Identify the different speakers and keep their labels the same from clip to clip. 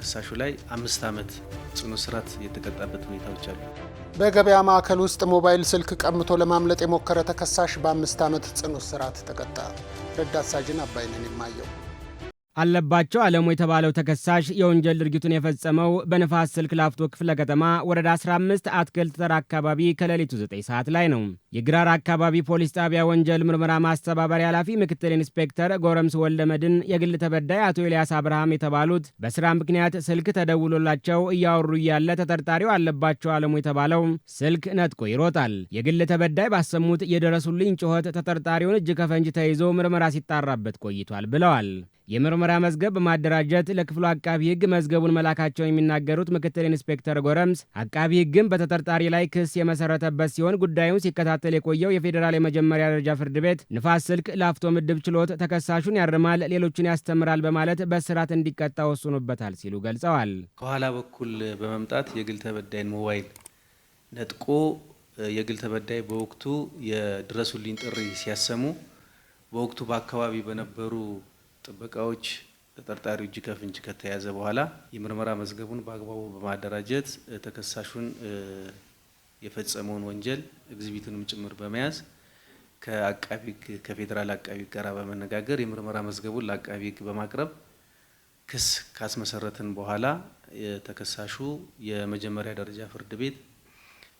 Speaker 1: ተከሳሹ ላይ አምስት ዓመት ጽኑ እስራት የተቀጣበት ሁኔታዎች አሉ።
Speaker 2: በገበያ ማዕከል ውስጥ ሞባይል ስልክ ቀምቶ ለማምለጥ የሞከረ ተከሳሽ በአምስት ዓመት ጽኑ እስራት ተቀጣ። ረዳት ሳጅን አባይነን የማየው
Speaker 3: አለባቸው አለሙ የተባለው ተከሳሽ የወንጀል ድርጊቱን የፈጸመው በንፋስ ስልክ ላፍቶ ክፍለ ከተማ ወረዳ 15 አትክልት ተራ አካባቢ ከሌሊቱ 9 ሰዓት ላይ ነው። የግራር አካባቢ ፖሊስ ጣቢያ ወንጀል ምርመራ ማስተባበሪያ ኃላፊ ምክትል ኢንስፔክተር ጎረምስ ወልደመድን የግል ተበዳይ አቶ ኤልያስ አብርሃም የተባሉት በስራ ምክንያት ስልክ ተደውሎላቸው እያወሩ እያለ ተጠርጣሪው አለባቸው አለሙ የተባለው ስልክ ነጥቆ ይሮጣል። የግል ተበዳይ ባሰሙት የደረሱልኝ ጩኸት ተጠርጣሪውን እጅ ከፈንጅ ተይዞ ምርመራ ሲጣራበት ቆይቷል ብለዋል። የምርመራ መዝገብ በማደራጀት ለክፍሉ አቃቢ ህግ መዝገቡን መላካቸውን የሚናገሩት ምክትል ኢንስፔክተር ጎረምስ አቃቢ ህግም በተጠርጣሪ ላይ ክስ የመሰረተበት ሲሆን ጉዳዩን ሲከታተል የቆየው የፌዴራል የመጀመሪያ ደረጃ ፍርድ ቤት ንፋስ ስልክ ላፍቶ ምድብ ችሎት ተከሳሹን ያርማል፣ ሌሎቹን ያስተምራል በማለት በስርዓት እንዲቀጣ ወስኖበታል ሲሉ ገልጸዋል።
Speaker 4: ከኋላ በኩል በመምጣት የግል ተበዳይን ሞባይል ነጥቆ የግል ተበዳይ በወቅቱ የድረሱልኝ ጥሪ ሲያሰሙ በወቅቱ በአካባቢ በነበሩ ጥበቃዎች ተጠርጣሪው እጅ ከፍንጅ ከተያዘ በኋላ የምርመራ መዝገቡን በአግባቡ በማደራጀት ተከሳሹን የፈጸመውን ወንጀል እግዚቢቱንም ጭምር በመያዝ ከአቃቢ ህግ ከፌዴራል አቃቢ ህግ ጋር በመነጋገር የምርመራ መዝገቡን ለአቃቢ ህግ በማቅረብ ክስ ካስመሰረትን በኋላ የተከሳሹ የመጀመሪያ ደረጃ ፍርድ ቤት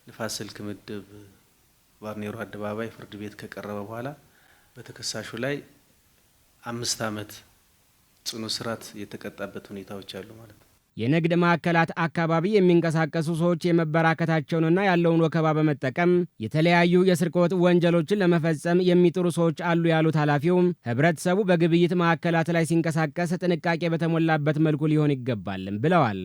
Speaker 4: ንፋስ ስልክ ምድብ ባርኔሮ አደባባይ ፍርድ ቤት ከቀረበ በኋላ በተከሳሹ ላይ አምስት ዓመት ጽኑ እስራት የተቀጣበት ሁኔታዎች አሉ ማለት ነው።
Speaker 3: የንግድ ማዕከላት አካባቢ የሚንቀሳቀሱ ሰዎች የመበራከታቸውንና ያለውን ወከባ በመጠቀም የተለያዩ የስርቆት ወንጀሎችን ለመፈጸም የሚጥሩ ሰዎች አሉ ያሉት ኃላፊው፣ ህብረተሰቡ በግብይት ማዕከላት ላይ ሲንቀሳቀስ ጥንቃቄ በተሞላበት መልኩ ሊሆን ይገባልም ብለዋል።